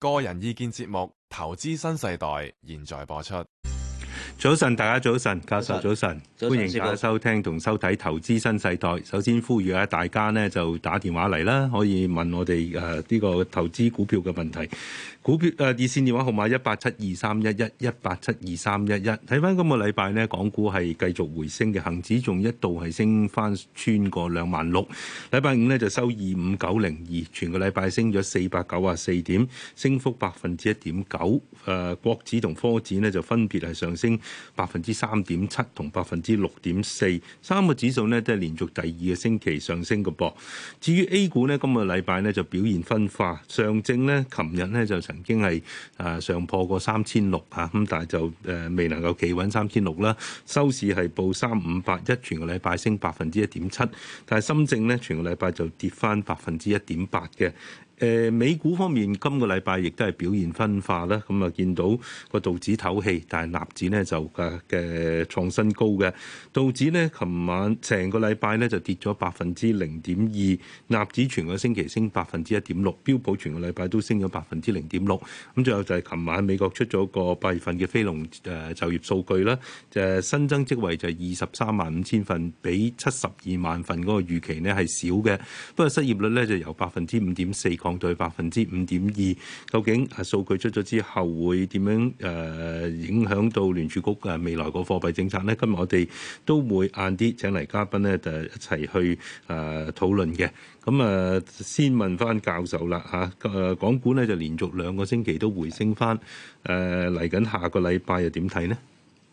個人意見節目《投資新世代》現在播出。早晨，大家早晨，教授早晨，歡迎大家收聽同收睇《投資新世代》。首先呼籲下大家呢，就打電話嚟啦，可以問我哋誒呢個投資股票嘅問題。股票誒、呃，熱線電話號碼一八七二三一一一八七二三一一。睇翻今個禮拜呢，港股係繼續回升嘅，恒指仲一度係升翻穿過兩萬六。禮拜五呢，就收二五九零二，全個禮拜升咗四百九啊四點，升幅百分之一點九。誒，國指同科指呢，就分別係上升。百分之三點七同百分之六點四三個指數呢都係連續第二個星期上升嘅噃。至於 A 股呢，今個禮拜呢就表現分化，上證呢，琴日呢就曾經係啊上破過三千六嚇，咁、啊、但係就誒未能夠企穩三千六啦。收市係報三五八，一全個禮拜升百分之一點七，但係深證呢，全個禮拜就跌翻百分之一點八嘅。誒美股方面，今個禮拜亦都係表現分化啦。咁啊，見到個道指唞氣，但係納指呢就嘅嘅創新高嘅。道指呢，琴晚成個禮拜呢就跌咗百分之零點二，納指全個星期升百分之一點六，標普全個禮拜都升咗百分之零點六。咁最後就係琴晚美國出咗個八月份嘅非農誒就業數據啦，就係新增職位就係二十三萬五千份，比七十二萬份嗰個預期呢係少嘅。不過失業率呢就由百分之五點四放在百分之五點二，究竟數據出咗之後會點樣誒影響到聯儲局嘅未來個貨幣政策呢？今日我哋都會晏啲請嚟嘉賓咧，就一齊去誒討論嘅。咁啊，先問翻教授啦嚇，誒港股咧就連續兩個星期都回升翻，誒嚟緊下個禮拜又點睇呢？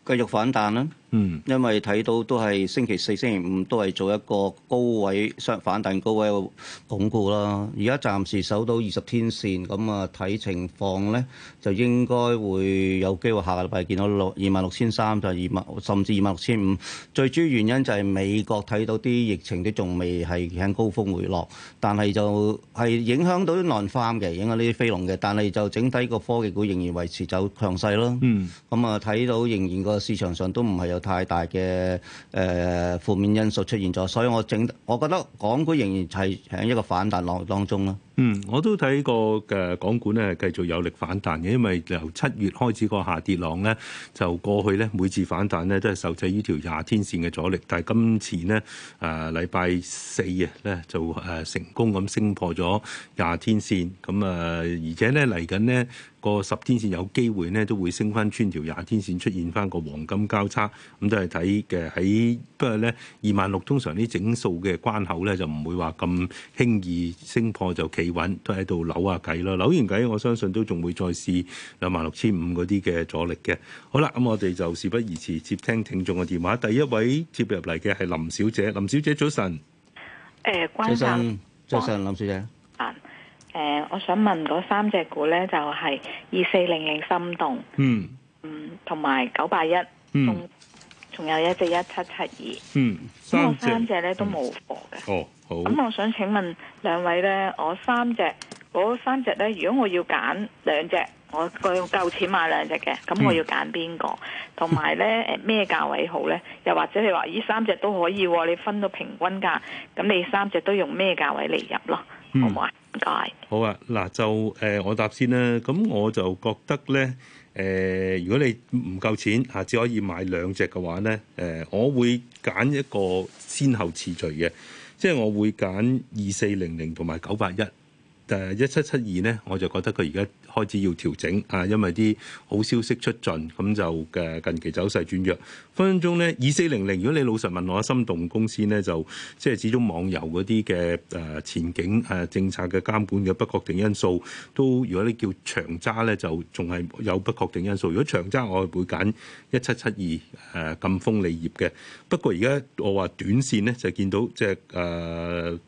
繼續反彈啦！嗯，因為睇到都係星期四、星期五都係做一個高位相反彈、高位嘅鞏固啦。而家暫時守到二十天線，咁啊睇情況咧，就應該會有機會下個禮拜見到六二萬六千三，就係二萬甚至二萬六千五。最主要原因就係美國睇到啲疫情都仲未係向高峰回落，但係就係影響到啲內翻嘅，影響呢啲飛龍嘅。但係就整體個科技股仍然維持走強勢咯。嗯，咁啊睇到仍然個市場上都唔係有。太大嘅誒、呃、負面因素出現咗，所以我整，我覺得港股仍然係喺一個反彈浪當中咯。嗯，我都睇過嘅港股咧，繼續有力反彈嘅，因為由七月開始個下跌浪咧，就過去咧每次反彈咧都係受制於條廿天線嘅阻力，但係今次咧，誒禮拜四啊咧就誒成功咁升破咗廿天線咁啊、嗯、而且咧嚟緊呢個十天線有機會咧都會升翻穿條廿天線出現翻個黃金交叉，咁、嗯、都係睇嘅喺，不過咧二萬六通常啲整數嘅關口咧就唔會話咁輕易升破就企。搵都喺度扭下計咯，扭完計，我相信都仲會再試兩萬六千五嗰啲嘅阻力嘅。好啦，咁、嗯、我哋就事不宜遲，接聽聽眾嘅電話。第一位接入嚟嘅係林小姐，林小姐早晨。誒、呃，關，早晨，早晨，林小姐。誒、呃，我想問嗰三隻股咧，就係二四零零心動，嗯嗯，同埋九八一，仲有一隻一七七二，嗯，三隻咧都冇貨嘅哦。咁好我想請問兩位呢，我三隻嗰三隻呢，如果我要揀兩隻，我個夠錢買兩隻嘅，咁我要揀邊個？同埋、嗯、呢誒咩 價位好呢？又或者你話呢三隻都可以，你分到平均價，咁你三隻都用咩價位嚟入咯？好唔好？唔該。嗯、謝謝。好啊，嗱就誒、呃、我答先啦。咁我就覺得呢，誒、呃、如果你唔夠錢啊，只可以買兩隻嘅話呢，誒、呃、我會揀一個先後次序嘅。即係我會揀二四零零同埋九八一，但係一七七二咧，我就覺得佢而家開始要調整啊，因為啲好消息出盡，咁就嘅近期走勢轉弱。分分鐘咧，二四零零，00，如果你老實問我，心動公司咧就即係始終網遊嗰啲嘅誒前景誒、呃、政策嘅監管嘅不確定因素都。如果你叫長揸咧，就仲係有不確定因素。如果長揸，我會揀一七七二誒，金豐利業嘅。不過而家我話短線咧，就見到即係誒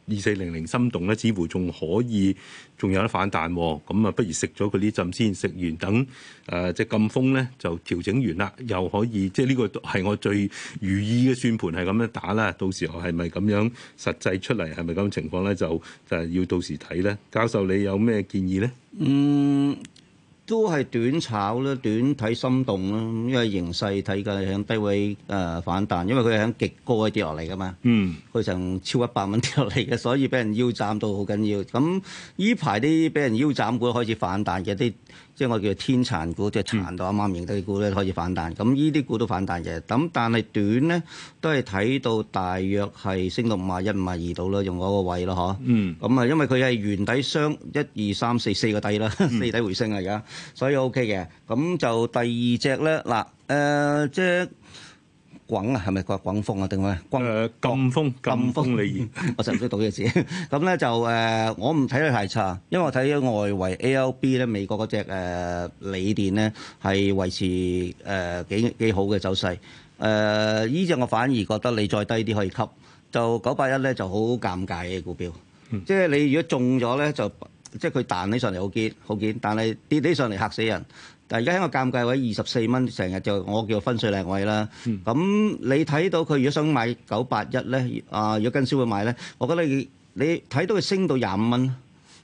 二四零零心動咧，似乎仲可以。仲有得反彈喎，咁啊不如食咗佢呢浸先，食完等誒、呃、即係禁風咧就調整完啦，又可以即係呢個係我最如意嘅算盤，係咁樣打啦。到時候係咪咁樣實際出嚟係咪咁情況咧，就就係要到時睇咧。教授你有咩建議咧？嗯。都係短炒啦，短睇心動啦，因為形勢睇緊喺低位誒、呃、反彈，因為佢係喺極高嘅跌落嚟噶嘛，佢成、嗯、超一百蚊跌落嚟嘅，所以俾人腰斬到好緊要。咁依排啲俾人腰斬股開始反彈嘅啲。即係我叫天殘股，即係殘到啱啱型啲股咧，可以反彈。咁呢啲股都反彈嘅。咁但係短咧，都係睇到大約係升到五廿一、五廿二度啦，用我個位啦，嗬。嗯。咁啊，因為佢係原底雙一二三四四個底啦，四個底回升啊，而家所以 OK 嘅。咁就第二隻咧，嗱，誒、呃，即係。滾啊，係咪個滾風啊？定係誒禁風？禁風理電，我實唔識讀呢個字。咁咧就誒，我唔睇得太差，因為我睇咗外圍 ALB 咧，美國嗰隻誒鋰電咧係維持誒幾幾好嘅走勢。誒呢隻我反而覺得你再低啲可以吸。就九八一咧就好尷尬嘅股票，即係你如果中咗咧就即係佢彈起上嚟好堅好堅，但係跌起上嚟嚇死人。但而家喺個尷尬位，二十四蚊，成日就我叫分水嶺位啦。咁、嗯、你睇到佢如果想買九八一咧，啊、呃，如果跟銷會買咧，我覺得你你睇到佢升到廿五蚊，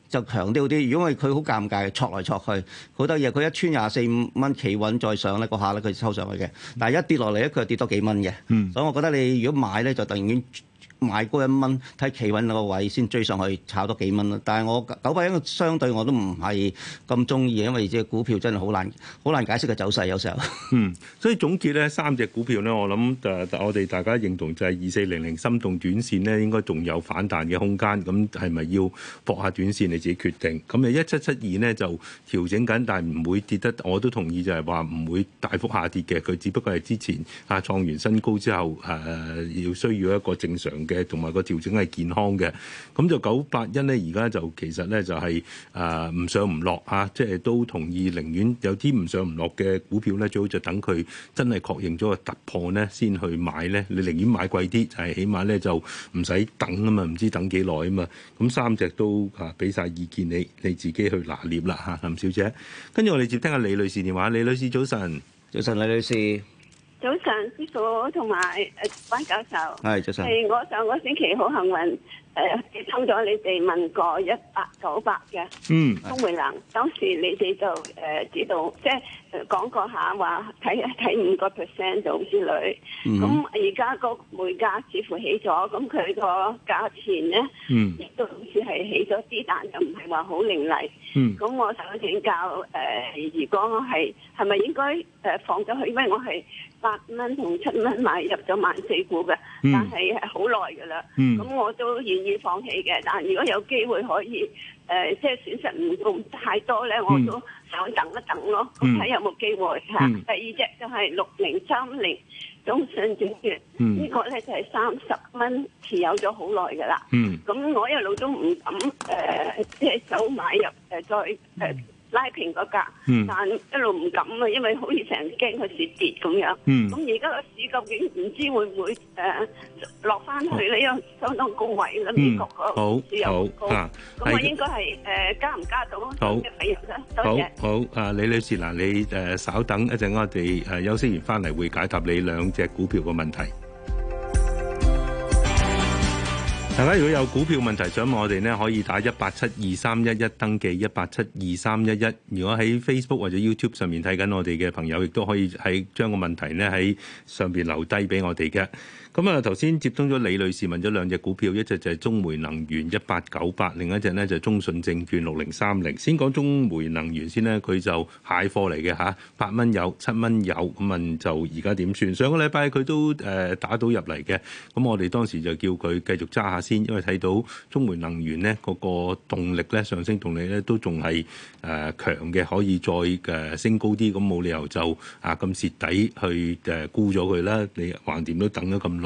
就強調啲。如果係佢好尷尬，戳來戳去好多嘢，佢一穿廿四五蚊企穩再上咧，嗰下咧佢抽上去嘅。但係一跌落嚟咧，佢又跌多幾蚊嘅。嗯、所以我覺得你如果買咧，就突然間。買高一蚊，睇企穩個位先追上去炒多幾蚊咯。但係我九百一個，相對我都唔係咁中意，因為隻股票真係好難，好難解釋嘅走勢有時候。嗯，所以總結咧，三隻股票咧，我諗誒、呃，我哋大家認同就係二四零零，心動短線咧應該仲有反彈嘅空間。咁係咪要搏下短線你自己決定。咁誒一七七二咧就調整緊，但係唔會跌得。我都同意就係話唔會大幅下跌嘅。佢只不過係之前啊創完新高之後誒，要、呃、需要一個正常嘅。誒同埋個調整係健康嘅，咁就九八一咧，而家就其實咧就係誒唔上唔落嚇，即係都同意，寧願有啲唔上唔落嘅股票咧，最好就等佢真係確認咗個突破咧，先去買咧。你寧願買貴啲，就係起碼咧就唔使等啊嘛，唔知等幾耐啊嘛。咁三隻都啊，俾曬意見你，你自己去拿捏啦嚇，林小姐。跟住我哋接聽下李女士電話，李女士早晨，早晨李女士。早上，師傅同埋誒班教授，係早上，係我上個星期好幸運誒，通咗你哋問過一百九百嘅，嗯，東煤能當時你哋就誒指導，即係講過下話，睇一睇五個 percent 度之類，嗯，咁而家個煤價似乎起咗，咁佢個價錢咧，嗯，亦都好似係起咗啲，但又唔係話好凌厲，嗯，咁我想請教誒，如果我係係咪應該誒放咗佢，因為我係。八蚊同七蚊買入咗萬四股嘅，但係係好耐噶啦，咁我都願意放棄嘅。但係如果有機會可以，誒即係損失唔咁太多咧，嗯、我都想等一等咯，睇、嗯、有冇機會吓。啊嗯、第二隻就係六零三零中信證券，嗯、個呢個咧就係三十蚊持有咗好耐噶啦，咁、嗯、我一路都唔敢誒即係手買入誒、呃、再誒。呃拉平嗰格，嗯、但一路唔敢啊，因為好似成日驚佢蝕跌咁樣。咁而家個市究竟唔知會唔會誒落翻去呢樣、哦、相當高位咧？呢個、嗯、好，好啊。咁我應該係誒加唔加到呢隻費用好好，啊謝李女士嗱，你誒稍等一陣，我哋誒休息完翻嚟會解答你兩隻股票嘅問題。大家如果有股票問題想問我哋呢，可以打一八七二三一一，登記，一八七二三一一。如果喺 Facebook 或者 YouTube 上面睇緊我哋嘅朋友，亦都可以喺將個問題呢喺上邊留低俾我哋嘅。咁啊，頭先接通咗李女士，問咗兩隻股票，一隻就係中煤能源一八九八，另一隻呢就中信證券六零三零。先講中煤能源先呢，佢就蟹貨嚟嘅吓，八蚊有，七蚊有。咁問就而家點算？上個禮拜佢都誒打到入嚟嘅，咁我哋當時就叫佢繼續揸下先，因為睇到中煤能源呢個個動力呢上升動力呢都仲係誒強嘅，可以再誒升高啲，咁冇理由就啊咁蝕底去誒沽咗佢啦。你橫掂都等咗咁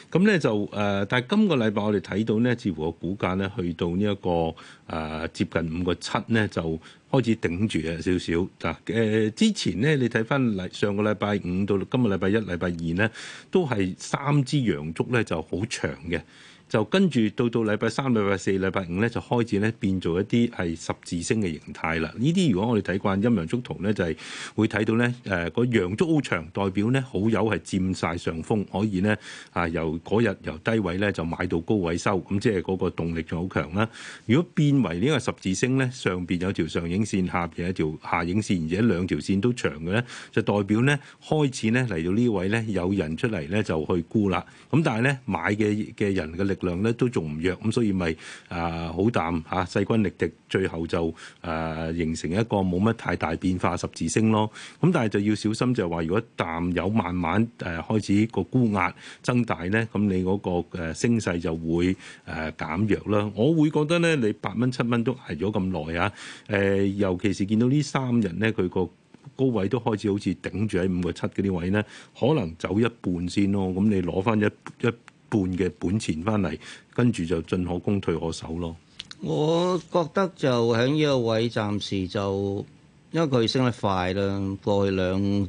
咁咧就誒，但係今個禮拜我哋睇到咧，似乎個股價咧去到呢、這、一個誒、呃、接近五個七咧，就開始頂住嘅少少。嗱、呃、誒，之前咧你睇翻禮上個禮拜五到今個禮拜一、禮拜二咧，都係三支陽燭咧就好長嘅，就跟住到到禮拜三、禮拜四、禮拜五咧就開始咧變做一啲係十字星嘅形態啦。呢啲如果我哋睇慣陰陽燭圖咧，就係、是、會睇到咧誒、呃那個陽燭好長，代表咧好友係佔晒上風，可以咧啊、呃、由嗰日由低位咧就買到高位收，咁即係嗰個動力就好強啦。如果變為呢個十字星咧，上邊有條上影線，下邊有一條下影線，而且兩條線都長嘅咧，就代表咧開始咧嚟到呢位咧有人出嚟咧就去沽啦。咁但係咧買嘅嘅人嘅力量咧都仲唔弱，咁所以咪啊好淡吓，勢均力敵，最後就誒形成一個冇乜太大變化十字星咯。咁但係就要小心就，就係話如果淡有慢慢誒開始個沽壓增大咧。咁你嗰個誒升勢就會誒、呃、減弱啦。我會覺得咧，你八蚊七蚊都挨咗咁耐啊！誒、呃，尤其是見到呢三人咧，佢個高位都開始好似頂住喺五個七嗰啲位咧，可能走一半先咯。咁你攞翻一一半嘅本錢翻嚟，跟住就進可攻退可守咯。我覺得就喺呢個位暫時就因為佢升得快啦，過去兩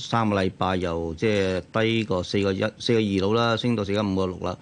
三個禮拜又即係低過四個一四個二佬啦，升到四個五個六啦。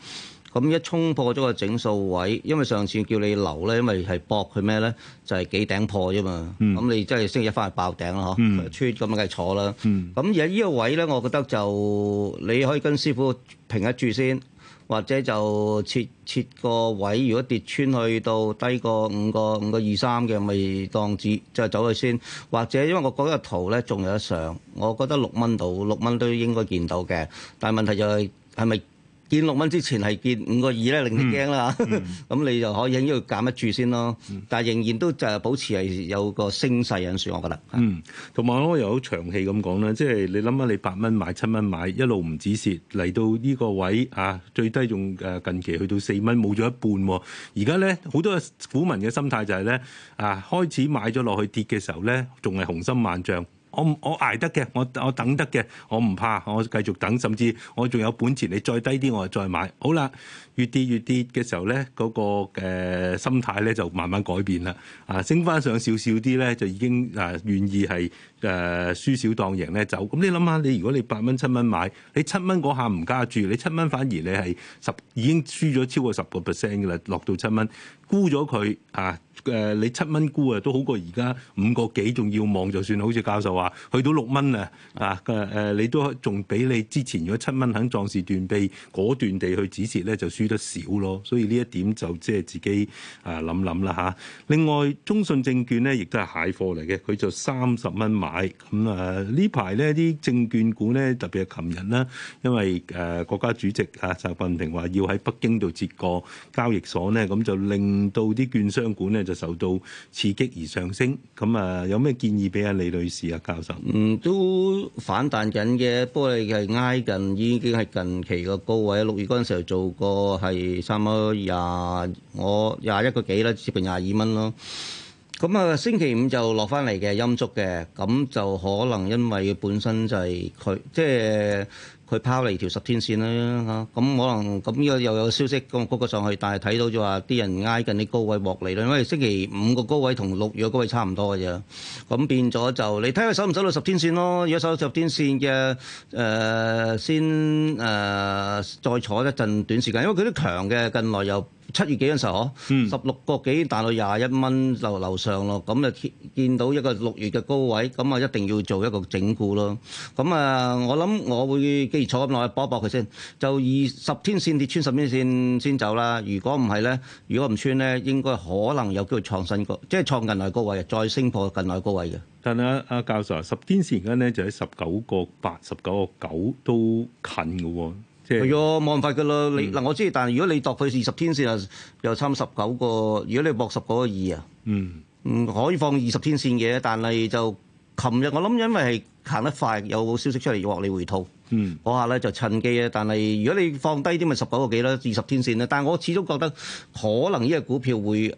咁一衝破咗個整數位，因為上次叫你留咧，因為係搏佢咩咧，就係、是、幾頂破啫嘛。咁、嗯、你即係星期一翻去爆頂啦，嗬、嗯？出咁梗係坐啦。咁、嗯、而家呢個位咧，我覺得就你可以跟師傅平一住先。或者就切切個位，如果跌穿去到低過五個五個二三嘅，咪當止就走去先。或者因為我覺得個圖咧仲有得上，我覺得六蚊到六蚊都應該見到嘅。但係問題就係係咪？是見六蚊之前係見五個二咧，令你驚啦，咁、嗯、 你就可以喺呢度減得住先咯。嗯、但係仍然都就係保持係有個升勢因素，嗯、我覺得。嗯，同埋我又有長氣咁講啦，即、就、係、是、你諗下，你八蚊買七蚊買一路唔止蝕，嚟到呢個位啊，最低仲誒近期去到四蚊，冇咗一半。而家咧好多股民嘅心態就係、是、咧啊，開始買咗落去跌嘅時候咧，仲係雄心萬丈。我我捱得嘅，我我等得嘅，我唔怕，我繼續等，甚至我仲有本錢，你再低啲我就再買。好啦，越跌越跌嘅時候咧，嗰、那個、呃、心態咧就慢慢改變啦。啊，升翻上少少啲咧，就已經啊願、呃、意係誒輸少當贏咧走。咁你諗下，你如果你八蚊七蚊買，你七蚊嗰下唔加注，你七蚊反而你係十已經輸咗超過十個 percent 嘅啦，落到七蚊。沽咗佢啊！誒，你七蚊沽啊，都好過而家五個幾仲要望，就算好似教授話去到六蚊啊！啊誒、啊，你都仲比你之前如果七蚊肯壯士斷臂，果斷地去止蝕咧，就輸得少咯。所以呢一點就即係自己啊諗諗啦吓。另外，中信證券咧，亦都係蟹貨嚟嘅，佢就三十蚊買，咁啊，呢排咧啲證券股咧，特別係琴日啦，因為誒、啊、國家主席啊習近平話要喺北京度設個交易所咧，咁就令到啲券商股咧就受到刺激而上升，咁啊有咩建議俾阿李女士啊教授？嗯，都反彈緊嘅，不過你係挨近已經係近期個高位，六月嗰陣時候做過係差唔多廿我廿一個幾啦，接近廿二蚊咯。咁啊，星期五就落翻嚟嘅陰燭嘅，咁就可能因為佢本身就係佢，即係佢拋嚟條十天線啦嚇。咁可能咁呢個又有消息咁撲過上去，但係睇到就話啲人挨近啲高位獲利啦，因為星期五個高位同六月嘅高位差唔多嘅啫。咁變咗就你睇下守唔守到十天線咯？如果守到十天線嘅，誒先誒再坐一陣短時間，因為佢都強嘅近來又。七月幾嗰陣時候，嗬、嗯，十六個幾大到廿一蚊就樓上咯，咁啊見到一個六月嘅高位，咁啊一定要做一個整固咯。咁啊，我諗我會既然坐咁耐，搏搏佢先。就以十天線跌穿十天線先走啦。如果唔係咧，如果唔穿咧，應該可能有機會創新高，即係創近來高位，再升破近來高位嘅。但係阿阿教授啊，十天線而家咧就喺十九個八、十九個九都近嘅喎。係咯，冇辦法噶啦。嗯、你嗱，我知，但如果你度佢二十天線啊，又參十九個。如果你博十九個二啊、嗯，嗯，可以放二十天線嘅，但係就琴日我諗，因為係行得快，有消息出嚟，獲你回吐，嗯，下咧就趁機啊。但係如果你放低啲咪十九個幾啦，二十天線啦。但我始終覺得可能呢個股票會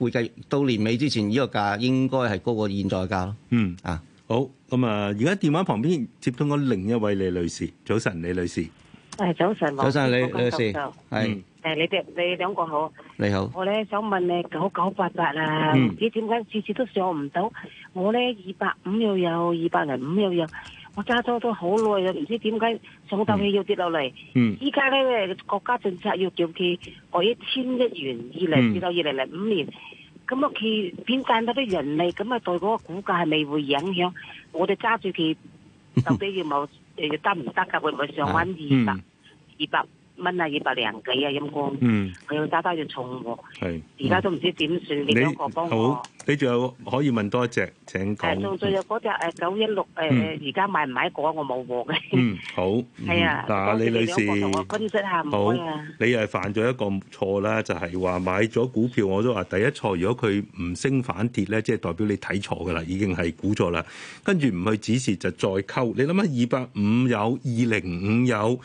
會計到年尾之前呢個價應該係高過現在價咯。嗯啊，好咁啊，而家電話旁邊接通咗另一位李女士，早晨，李女士。誒，早晨，早晨，你好，先生，係誒，你哋你兩個好，你好，我咧想問你九九八八啊，唔知點解次次都上唔到，我咧二百五又有，二百零五又有，我揸咗都好耐啦，唔知點解上到去要跌落嚟，嗯，依家咧國家政策要叫佢我一千億元，二零至到二零零五年，咁啊佢邊賺到啲人力，咁啊對嗰個股價係未會影響？我哋揸住佢，到底要冇誒 得唔得噶？會唔會上翻二百？嗯二百蚊啊，二百零幾啊，陰功，佢要打翻只重喎，而家都唔知點算，你嗰個幫我。好，你仲有可以問多一隻，請講。誒，仲有嗰隻九一六誒，而家買唔買股？我冇喎。嗯，好。係啊，嗱，李女士，分析下，好。你又犯咗一個錯啦，就係話買咗股票我都話第一錯，如果佢唔升反跌咧，即係代表你睇錯㗎啦，已經係估錯啦，跟住唔去指示就再溝。你諗下，二百五有，二零五有。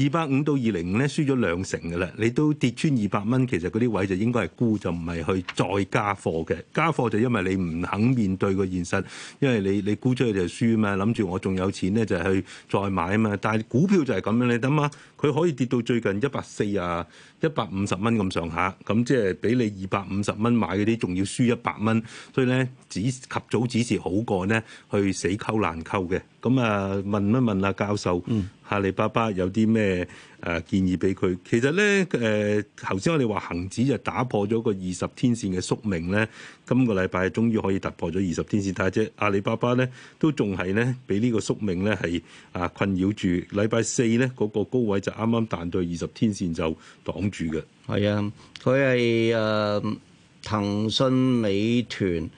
二百五到二百零咧，輸咗兩成嘅啦，你都跌穿二百蚊，其實嗰啲位就應該係沽，就唔係去再加貨嘅。加貨就因為你唔肯面對個現實，因為你你沽出去就係輸啊嘛，諗住我仲有錢咧就係去再買啊嘛，但係股票就係咁樣，你諗下。佢可以跌到最近一百四啊、一百五十蚊咁上下，咁即係俾你二百五十蚊買嗰啲仲要輸一百蚊，所以咧，止蝕及早止蝕係好過咧去死溝爛溝嘅。咁啊問一問啊教授，阿里巴巴有啲咩誒建議俾佢？其實咧誒頭先我哋話恒指就打破咗個二十天線嘅宿命咧，今個禮拜終於可以突破咗二十天線，但係即係阿里巴巴咧都仲係咧俾呢個宿命咧係啊困擾住。禮拜四咧嗰個高位。啱啱彈到二十天線就擋住嘅。係啊，佢係誒騰訊、美團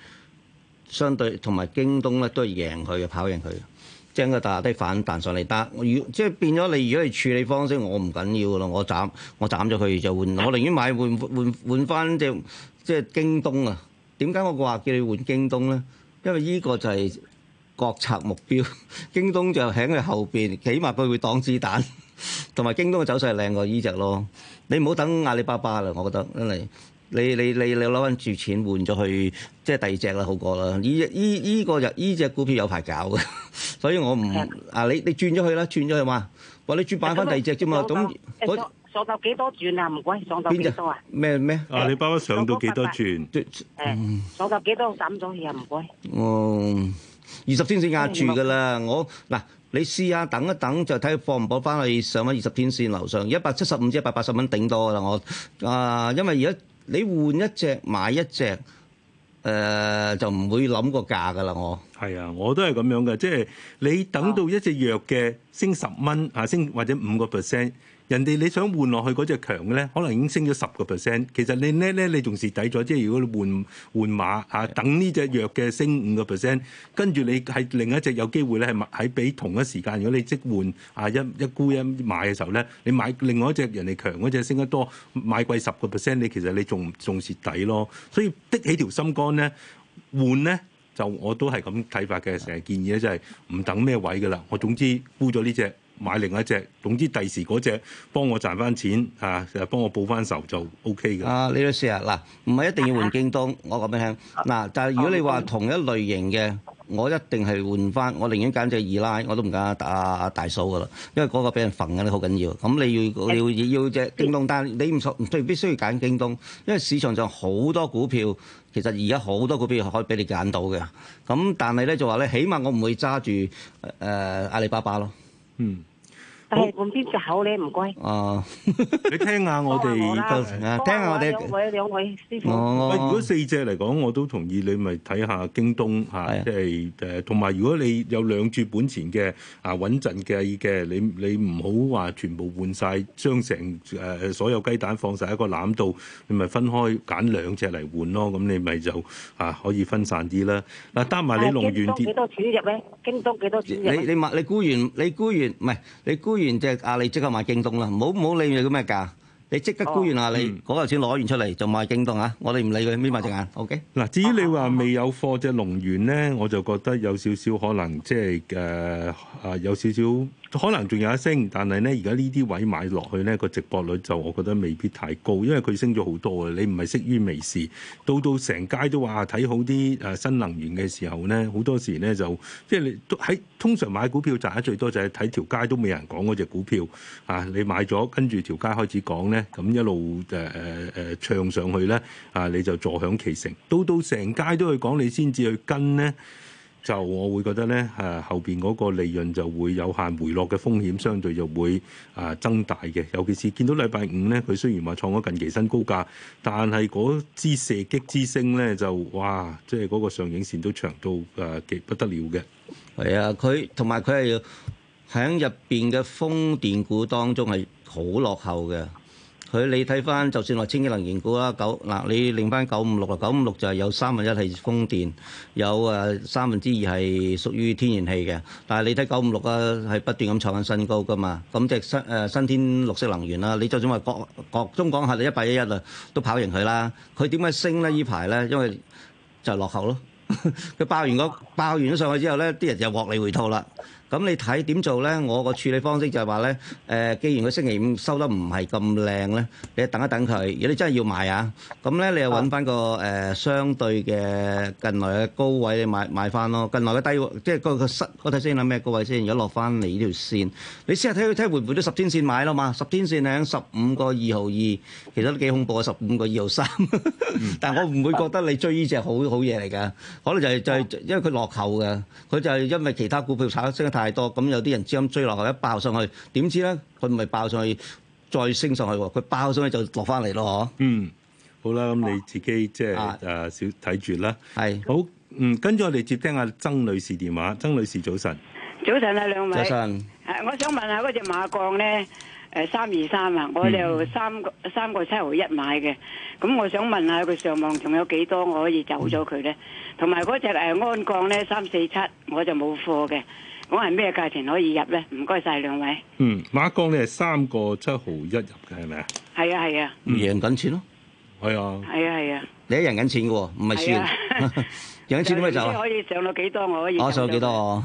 相對同埋京東咧，都係贏佢嘅，跑贏佢嘅。將個大都反彈上嚟，得係如即係變咗你，如果係處理方式，我唔緊要咯，我斬我斬咗佢就換，我寧願買換換換換翻隻即係京東啊。點解我話叫你換京東咧？因為依個就係、是。國策目標，京東就喺佢後邊，起碼佢會擋子彈，同埋京東嘅走勢靚過呢隻咯。你唔好等阿里巴巴啦，我覺得，因為你你你你攞翻住錢換咗去，即係第二隻啦，好過啦。呢呢呢個就呢隻股票有排搞嘅，所以我唔啊，你你轉咗去啦，轉咗去嘛？話你轉買翻第二隻啫嘛？咁所上到幾多轉啊？唔該，上到幾多啊？咩咩阿里巴巴上到幾多轉？誒，上到幾多減咗又唔該。哦。二十天線壓住嘅啦，嗯、我嗱你試下等一等，就睇放唔放翻去上咗二十天線樓上，一百七十五至一百八十蚊頂多嘅啦，我啊、呃、因為而家你換一隻買一隻，誒、呃、就唔會諗個價嘅啦，我係啊，我都係咁樣嘅，即係你等到一隻弱嘅升十蚊啊，升或者五個 percent。人哋你想換落去嗰隻強嘅咧，可能已經升咗十個 percent。其實你咧咧，你仲蝕底咗。即係如果你換換馬嚇，等呢隻弱嘅升五個 percent，跟住你係另一隻有機會咧，係喺俾同一時間。如果你即換啊一一沽一買嘅時候咧，你買另外一隻人哋強嗰隻升得多，買貴十個 percent，你其實你仲唔仲蝕底咯。所以的起條心肝咧，換咧就我都係咁睇法嘅，成日建議咧就係、是、唔等咩位噶啦。我總之沽咗呢隻。買另一隻，總之第時嗰隻幫我賺翻錢嚇，就、啊、幫我報翻仇就 O K 嘅。啊，李女士啊，嗱，唔係一定要換京東，啊、我講俾你聽嗱。但、啊、係、啊就是、如果你話同一類型嘅，我一定係換翻，我寧願揀隻二奶，我都唔揀阿大嫂噶啦。因為嗰個俾人馴緊你好緊要，咁你要你要你要隻京東，但係你唔需必必須要揀京東，因為市場上好多股票，其實而家好多股票可以俾你揀到嘅。咁但係咧就話咧，起碼我唔會揸住誒阿里巴巴咯。嗯。係換邊隻好咧？唔該。哦， 你聽下我哋啊，聽下我哋。兩位，兩位師傅。哦、如果四隻嚟講，我都同意你咪睇下京東嚇，即係誒，同埋、啊、如果你有兩注本錢嘅啊穩陣計嘅，你你唔好話全部換晒，將成誒、啊、所有雞蛋放晒一個籃度，你咪分開揀兩隻嚟換咯。咁你咪就啊可以分散啲啦。嗱、啊，搭埋你龍源跌。幾多錢一咧？京東幾多錢，你你買你估完你估完唔係你估。完隻阿里即刻買京東啦，唔好唔好理佢咁咩價，你即刻沽完阿里嗰嚿錢攞完出嚟就買京東啊，我哋唔理佢眯埋隻眼。O K 嗱，至於你話未有貨隻龍源咧，我就覺得有少少可能即係誒啊有少少。可能仲有一升，但係咧，而家呢啲位買落去咧，個值博率就我覺得未必太高，因為佢升咗好多嘅。你唔係識於微時，到到成街都話睇好啲誒新能源嘅時候咧，好多時咧就即係你喺通常買股票賺得最多就係睇條街都冇人講嗰隻股票啊！你買咗跟住條街開始講咧，咁一路誒誒誒唱上去咧啊，你就坐享其成。到到成街都去講，你先至去跟咧。就我會覺得咧，誒、啊、後邊嗰個利潤就會有限回落嘅風險，相對就會誒增大嘅。尤其是見到禮拜五咧，佢雖然話創咗近期新高價，但係嗰支射擊之星咧就哇，即係嗰個上影線都長到誒極、啊、不得了嘅。係啊，佢同埋佢係喺入邊嘅風電股當中係好落後嘅。佢你睇翻，就算話清潔能源股啦，九嗱你拎翻九五六啊，九五六就係有三分一係風電，有誒三分之二係屬於天然氣嘅。但係你睇九五六啊，係不斷咁創緊新高噶嘛。咁隻新誒、呃、新天綠色能源啦，你就算話各各中港你一百一一啊，都跑贏佢啦。佢點解升咧？呢排咧，因為就係落後咯。佢 爆完爆完咗上去之後咧，啲人就獲利回吐啦。咁你睇點做咧？我個處理方式就係話咧，誒，既然佢星期五收得唔係咁靚咧，你等一等佢。如果你真係要買啊，咁咧你又揾翻個誒相對嘅近來嘅高位你買買翻咯。近來嘅低位，即係個個失我睇先諗咩高位先。如果落翻嚟呢條線，你試下睇睇會唔會到十天線買啦嘛。十天線係十五個二毫二，其實都幾恐怖啊！十五個二毫三，但係我唔會覺得你追呢隻好好嘢嚟㗎。可能就係就係因為佢落後㗎，佢就係因為其他股票炒得升得太。太多咁有啲人只咁追落去一爆上去，點知咧佢咪爆上去再升上去？佢爆上去就落翻嚟咯，嗬。嗯，好啦，咁你自己即係誒小睇住啦。係好，嗯，跟住我哋接聽下曾女士電話。曾女士早晨，早晨啊兩位。早晨誒，我想問下嗰隻馬鋼咧誒三二三啊，我就三個三個七毫一買嘅，咁我想問下佢上望仲有幾多我可以走咗佢咧？同埋嗰隻誒安鋼咧三四七，我就冇貨嘅。我係咩價錢可以入咧？唔該晒兩位。嗯，馬哥你係三個七毫一入嘅係咪啊？係啊係啊，嗯、贏緊錢咯，係啊，係啊係啊，啊你一贏緊錢嘅、啊、喎，唔係蝕，贏緊錢點解走可以上到幾多？我可以。我上到幾多、啊？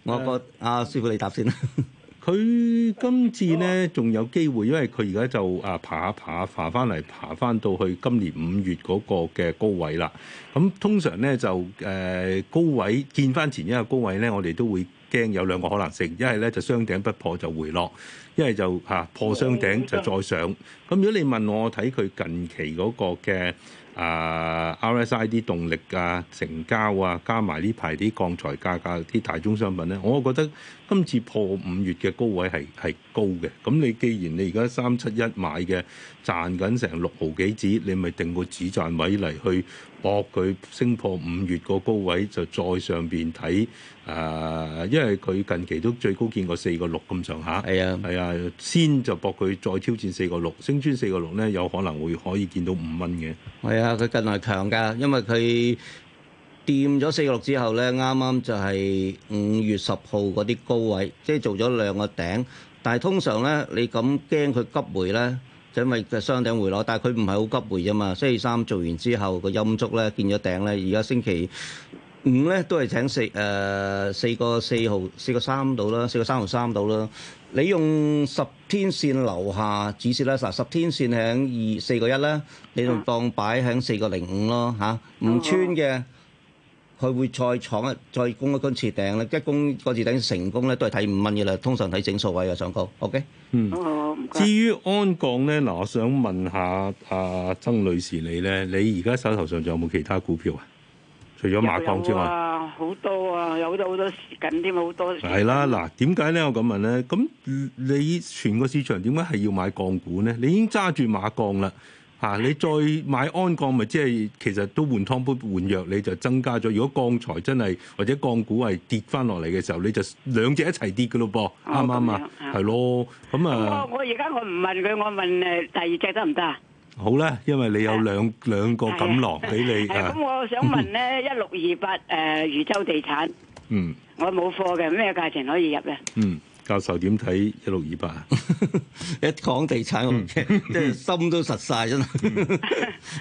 我個阿師傅你答先啊。 佢今次咧仲有機會，因為佢而家就啊爬下爬爬翻嚟，爬翻到去今年五月嗰個嘅高位啦。咁通常咧就誒、呃、高位見翻前一個高位咧，我哋都會驚有兩個可能性：一係咧就雙頂不破就回落；一係就嚇、啊、破雙頂就再上。咁如果你問我睇佢近期嗰個嘅啊、呃、RSI 啲動力啊成交啊，加埋呢排啲鋼材價格啲大宗商品咧，我覺得。今次破五月嘅高位係係高嘅，咁你既然你而家三七一買嘅賺緊成六毫幾紙，你咪定個止賺位嚟去博佢升破五月個高位，就再上邊睇啊！因為佢近期都最高見過四個六咁上下。係啊，係啊，先就博佢再挑戰四個六，升穿四個六咧，有可能會可以見到五蚊嘅。係啊，佢近來強㗎，因為佢。掂咗四個六之後咧，啱啱就係五月十號嗰啲高位，即係做咗兩個頂。但係通常咧，你咁驚佢急回咧，就因為雙頂回落。但係佢唔係好急回啫嘛。星期三做完之後個陰燭咧，見咗頂咧，而家星期五咧都係喺四誒四個四毫四個三到啦，四個三毫三到啦。你用十天線留下紫色啦，十天線喺二四個一咧，你仲當擺喺四個零五咯嚇，唔穿嘅。佢會再闖一再攻一根次頂咧，即係攻嗰次頂成功咧，都係睇五蚊嘅啦。通常睇整數位又上高，OK？嗯。哦。謝謝。至於安鋼咧，嗱，我想問下阿、啊、曾女士你咧，你而家手頭上仲有冇其他股票啊？除咗馬鋼之外。好、啊、多啊，有好多好多時間添啊，好多。係啦，嗱，點解咧？我咁問咧，咁你全個市場點解係要買鋼股咧？你已經揸住馬鋼啦。啊！你再買安鋼咪即係其實都換湯唔換藥，你就增加咗。如果鋼材真係或者鋼股係跌翻落嚟嘅時候，你就兩隻一齊跌㗎咯噃，啱唔啱啊？係咯，咁啊。我我而家我唔問佢，我問誒第二隻得唔得啊？好啦，因為你有兩兩個錦囊俾你嘅。咁我想問咧，一六二八誒，禹洲地產，嗯，我冇貨嘅，咩價錢可以入咧？嗯。教授點睇一六二八？一講地產，我唔驚，即係心都實曬真係。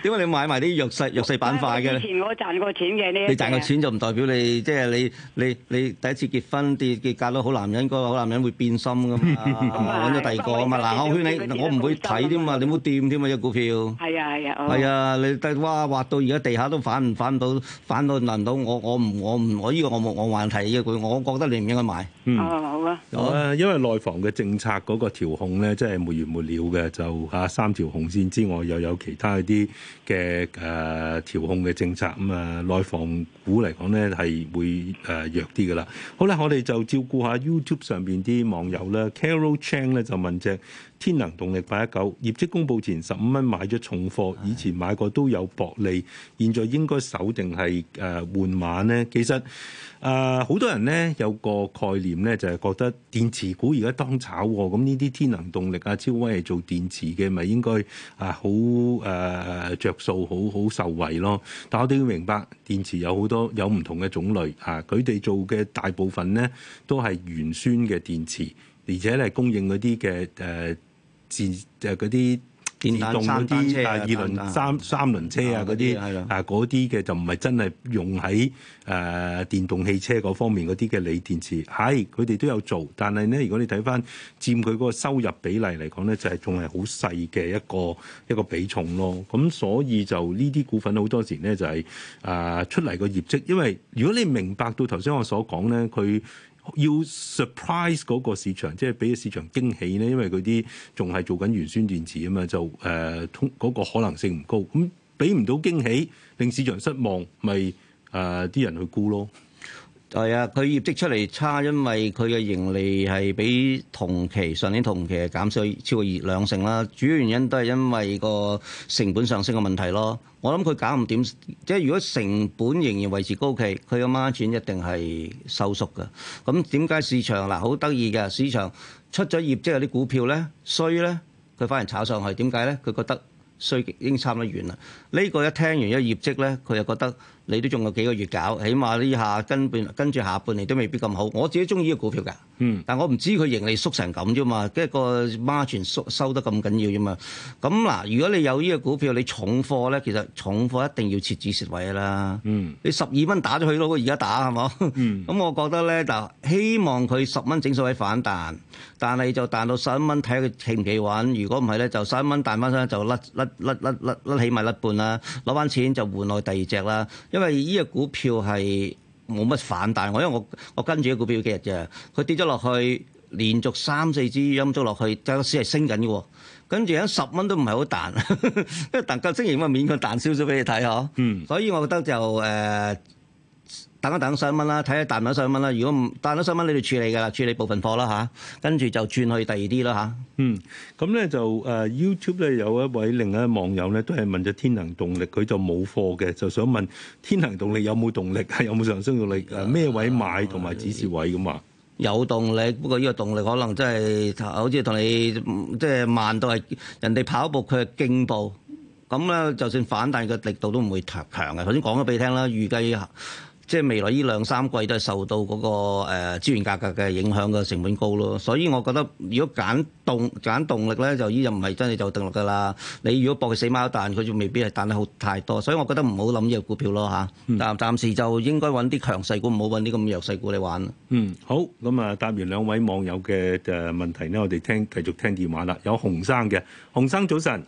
點解你買埋啲弱勢弱勢板塊嘅？以前我賺過錢嘅呢一樣。你賺過錢就唔代表你，即係你你你第一次結婚結結嫁到好男人，嗰個好男人會變心噶嘛？揾咗第二個啊嘛，嗱，我勸你，我唔會睇添嘛，你唔好掂添嘛隻股票。係啊係啊。係啊，你哇挖到而家地下都反唔反到反到難到我我唔我唔我依個我冇我還睇嘅佢，我覺得你唔應該買。啊，好啦，好。啊，因為內房嘅政策嗰個調控咧，即係沒完沒了嘅，就嚇三條紅線之外，又有其他嗰啲嘅誒調控嘅政策。咁、嗯、啊，內房股嚟講咧係會誒、呃、弱啲嘅啦。好啦，我哋就照顧下 YouTube 上邊啲網友啦。Carol Chang 咧就問隻。天能動力八一九業績公佈前，十五蚊買咗重貨，以前買過都有薄利，現在應該守定係誒換馬咧？其實誒好、呃、多人咧有個概念咧，就係、是、覺得電池股而家當炒喎，咁呢啲天能動力啊、超威係做電池嘅，咪應該啊好誒、啊、著數，好好受惠咯。但我哋要明白電池有好多有唔同嘅種類啊，佢哋做嘅大部分咧都係鉛酸嘅電池，而且咧供應嗰啲嘅誒。呃自就嗰啲電動嗰啲啊，二輪三三輪車啊，嗰啲啊，嗰啲嘅就唔係真係用喺誒、呃、電動汽車嗰方面嗰啲嘅鋰電池，係佢哋都有做，但係咧，如果你睇返佔佢嗰個收入比例嚟講咧，就係仲係好細嘅一個一個比重咯。咁所以就呢啲股份好多時咧、就係，就係誒出嚟個業績，因為如果你明白到頭先我所講咧，佢。要 surprise 嗰個市場，即係俾市場驚喜咧，因為嗰啲仲係做緊鉛酸電池啊嘛，就誒通嗰個可能性唔高，咁俾唔到驚喜，令市場失望，咪誒啲人去沽咯。係啊，佢業績出嚟差，因為佢嘅盈利係比同期上年同期係減少超過二兩成啦。主要原因都係因為個成本上升嘅問題咯。我諗佢搞唔掂，即係如果成本仍然維持高企，佢嘅孖錢一定係收縮嘅。咁點解市場，嗱，好得意嘅，市場出咗業績，有啲股票咧衰咧，佢反而炒上去，點解咧？佢覺得衰已經差唔多完啦。呢個一聽完一業績咧，佢就覺得你都仲有幾個月搞，起碼呢下跟半跟住下半年都未必咁好。我自己中意呢個股票㗎，嗯，但我唔知佢盈利縮成咁啫嘛，跟個 margin 縮收得咁緊要啫嘛。咁嗱，如果你有呢個股票，你重貨咧，其實重貨一定要設止蝕位啦。嗯，你十二蚊打咗佢囉，而家打係嘛？嗯，咁我覺得咧嗱，希望佢十蚊整數位反彈，但係就彈到十一蚊睇佢企唔企穩。如果唔係咧，就十一蚊彈翻身就甩甩甩甩甩甩起埋甩半啦。攞翻錢就換來第二隻啦，因為依隻股票係冇乜反彈喎，因為我我跟住個股票幾日啫，佢跌咗落去連續三四支陰燭落去，但個市係升緊嘅喎，跟住喺十蚊都唔係好彈，但夠精型咪勉強彈少少俾你睇下。嗯，所以我覺得就誒。呃等一等上蚊啦，睇下彈唔到十蚊啦。如果唔彈到上蚊，你哋處理㗎啦，處理部分貨啦嚇，跟、啊、住就轉去第二啲啦。嚇、啊。嗯，咁咧就誒、uh, YouTube 咧有一位另一網友咧，都係問咗天能動力，佢就冇貨嘅，就想問天能動力有冇動力，有冇上升動力，咩、啊、位買同埋指示位咁話、啊啊啊。有動力，不過呢個動力可能真、就、係、是、好似同你即係慢到係人哋跑步，佢係競步。咁咧，就算反彈嘅力度都唔會強強嘅。頭先講咗俾你聽啦，預計。即係未來呢兩三季都係受到嗰個誒資源價格嘅影響嘅成本高咯，所以我覺得如果揀動揀動力咧，就依就唔係真係就定力噶啦。你如果搏佢死貓，但佢就未必係彈得好太多，所以我覺得唔好諗呢個股票咯嚇。暫暫、嗯、時就應該揾啲強勢股，唔好揾啲咁弱勢股嚟玩。嗯，好，咁啊答完兩位網友嘅誒問題呢，我哋聽繼續聽電話啦。有洪生嘅，洪生早晨，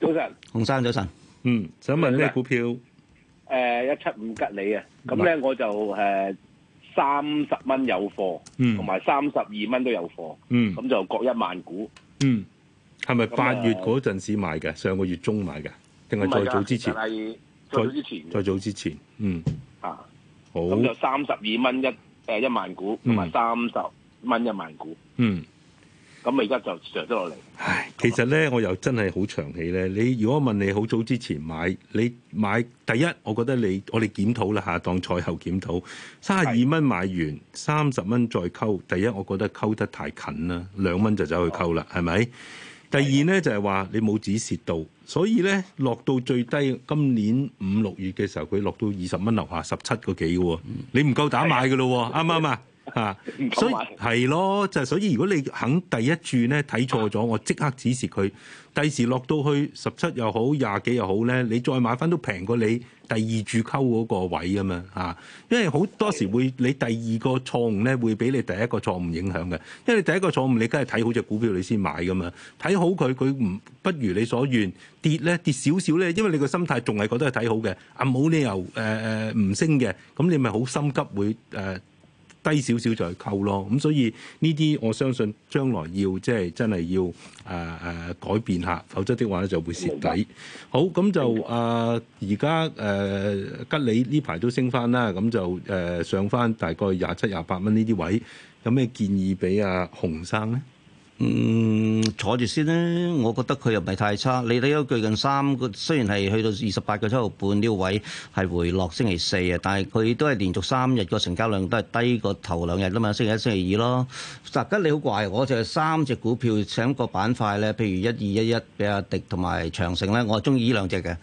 早晨，洪生早晨，早晨，嗯，想問咩股票？誒一七五吉利啊！咁咧我就誒三十蚊有貨，同埋三十二蚊都有貨。咁就各一萬股。嗯，係咪八月嗰陣時買嘅？上個月中買嘅，定係再早之前？再早之前再。再早之前，嗯啊，好。咁就三十二蚊一誒一萬股，同埋三十蚊一萬股。嗯。咁啊！而家就著咗落嚟。唉，其實咧，我又真係好長氣咧。你如果問你好早之前買，你買第一，我覺得你我哋檢討啦嚇，當賽後檢討。三十二蚊買完，三十蚊再溝。第一，我覺得溝得太近啦，兩蚊就走去溝啦，係咪、哦？第二咧的就係話你冇止蝕到。所以咧落到最低今年五六月嘅時候，佢落到二十蚊樓下，十七個幾喎、哦。你唔夠膽買嘅咯喎，啱唔啱啊？吧啊，所以係咯，就所以如果你肯第一注咧睇錯咗，啊、我即刻指示佢。第時落到去十七又好廿幾又好咧，你再買翻都平過你第二注溝嗰個位啊嘛。啊，因為好多時會的你第二個錯誤咧會俾你第一個錯誤影響嘅，因為你第一個錯誤你梗係睇好隻股票你先買噶嘛。睇好佢佢唔不如你所願跌咧跌少少咧，因為你個心態仲係覺得係睇好嘅啊，冇理由誒誒唔升嘅咁，你咪好心急會誒。呃呃呃低少少就去溝咯，咁所以呢啲我相信將來要即係真係要誒誒、呃、改變下，否則的話咧就會蝕底。好，咁就啊，而家誒吉利呢排都升翻啦，咁就誒、呃、上翻大概廿七、廿八蚊呢啲位，有咩建議俾阿洪生咧？嗯，坐住先啦。我覺得佢又唔係太差。你睇咗最近三個，雖然係去到二十八個七毫半呢個位，係回落星期四啊，但係佢都係連續三日個成交量都係低過頭兩日啦嘛。星期一、星期二咯。澤吉你好怪，我就係三隻股票，整個板塊咧，譬如一二一一，比亞迪同埋長城咧，我中意呢兩隻嘅。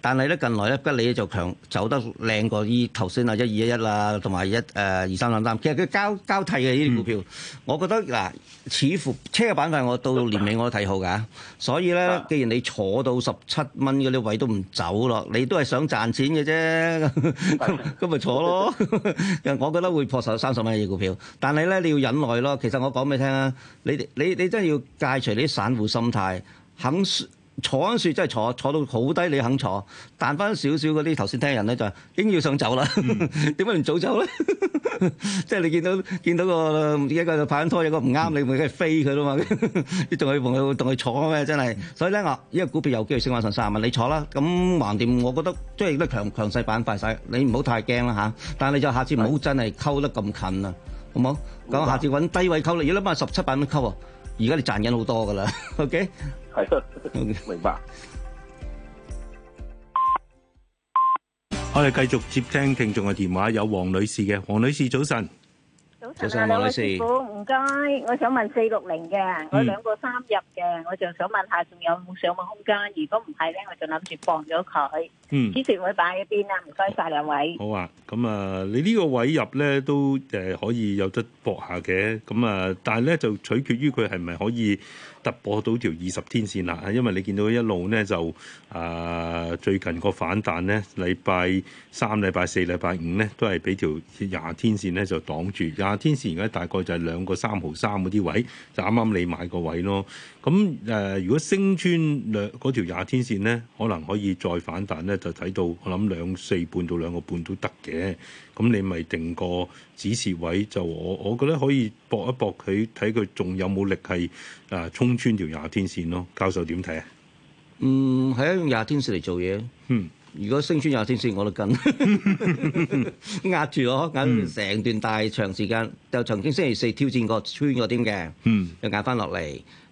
但係咧，近來咧，吉利就強走得靚過啲頭先啊，一二一一啦，同埋一誒二三三三，其實佢交交替嘅呢啲股票，我覺得嗱，似乎車嘅板塊，我到年尾我都睇好㗎。所以咧，既然你坐到十七蚊嗰啲位都唔走咯，你都係想賺錢嘅啫，咁咪坐咯。我覺得會破十三十蚊嘅股票，但係咧你要忍耐咯。其實我講俾你聽啊，你你你真係要戒除你啲散戶心態，肯。坐嗰陣真係坐，坐到好低你肯坐，彈翻少少嗰啲頭先聽人咧就係、已經要想走啦，點解唔早走咧？ 即係你見到見到一個一個拍緊拖，有一個唔啱、嗯、你，咪飛佢咯嘛！ 你仲去同佢同佢坐咩？真係，嗯、所以咧我依個股票有機會升翻上三萬，你坐啦。咁橫掂，我覺得即係都強強勢板塊晒，你唔好太驚啦嚇。但係你就下次唔是好真係溝得咁近啊，好唔好？咁下次揾低位溝啦，要諗埋十七百蚊溝喎。而家你賺緊好多㗎啦 ，OK，係 明白。 我哋繼續接聽聽眾嘅電話，有黃女士嘅，黃女士早晨。早晨，早上兩位師傅，唔該謝。我想問四六零嘅，嗯、我兩個三入嘅，我就想問下，仲有冇上網空間？如果唔係咧，我就諗住放咗佢。嗯，之前會擺喺一邊啦，唔該晒兩位。好啊，咁啊，你呢個位入咧都誒、呃、可以有得搏下嘅，咁、嗯、啊，但係咧就取決於佢係咪可以突破到條二十天線啦，因為你見到一路咧就啊。呃最近個反彈咧，禮拜三、禮拜四、禮拜五咧，都係俾條廿天線咧就擋住。廿天線而家大概就係兩個三毫三嗰啲位，就啱啱你買個位咯。咁誒、呃，如果升穿兩嗰條廿天線咧，可能可以再反彈咧，就睇到我諗兩四半到兩個半都得嘅。咁你咪定個止蝕位，就我我覺得可以搏一搏佢，睇佢仲有冇力係誒衝穿條廿天線咯。教授點睇啊？嗯，係用廿天線嚟做嘢。嗯，如果升穿廿天線，我都跟 壓我，壓住我。咁成、嗯、段大長時間，就曾經星期四挑戰過穿嗰點嘅，嗯，又壓翻落嚟。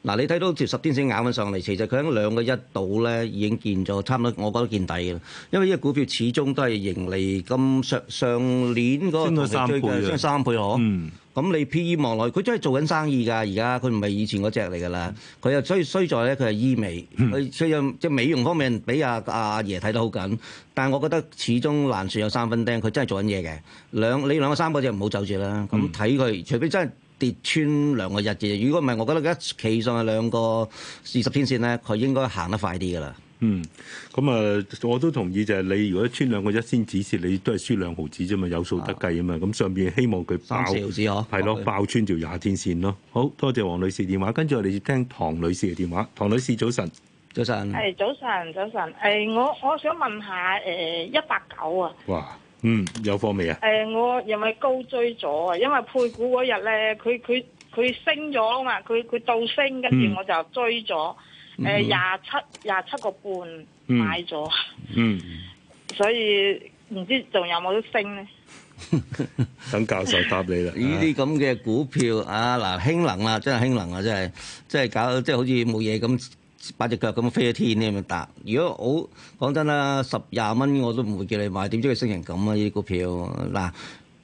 嗱、啊，你睇到條十天線壓翻上嚟，其實佢喺兩個一度咧，已經見咗差唔多，我覺得見底嘅。因為呢個股票始終都係盈利咁上上年嗰個，三倍升三倍咯，嗯。嗯咁你疲於望落，佢真係做緊生意㗎。而家佢唔係以前嗰隻嚟㗎啦。佢又衰衰在咧，佢係醫美，佢衰在即美容方面俾阿阿爺睇得好緊。但係我覺得始終爛船有三分釘，佢真係做緊嘢嘅。兩你兩個三百隻唔好走住啦。咁睇佢，除非真係跌穿兩個日子。如果唔係，我覺得佢一企上兩個四十天線咧，佢應該行得快啲㗎啦。嗯，咁、嗯、啊，我都同意就係、是、你如果穿兩個一仙止蝕，你都係輸兩毫子啫嘛，有數得計啊嘛。咁上邊希望佢爆，係、啊、咯，爆穿條廿天線咯。好多謝黃女士電話，跟住我哋要聽唐女士嘅電話。唐女士早晨，早、晨早晨，早晨，係早晨，早晨。誒，我我想問下誒，一百九啊，哇，嗯，有貨未啊？誒、哎，我認咪高追咗啊，因為配股嗰日咧，佢佢佢升咗啊嘛，佢佢到升，跟住我就追咗。嗯誒，廿七廿七個半買咗，所以唔知仲有冇得升咧？等教授答你啦！依啲咁嘅股票啊，嗱，興能啊，真係興能啊，真係真係搞，真係好似冇嘢咁，八隻腳咁飛咗天咁樣打。如果好講真啦，十廿蚊我都唔會叫你買，點知佢升成咁啊？依啲股票嗱，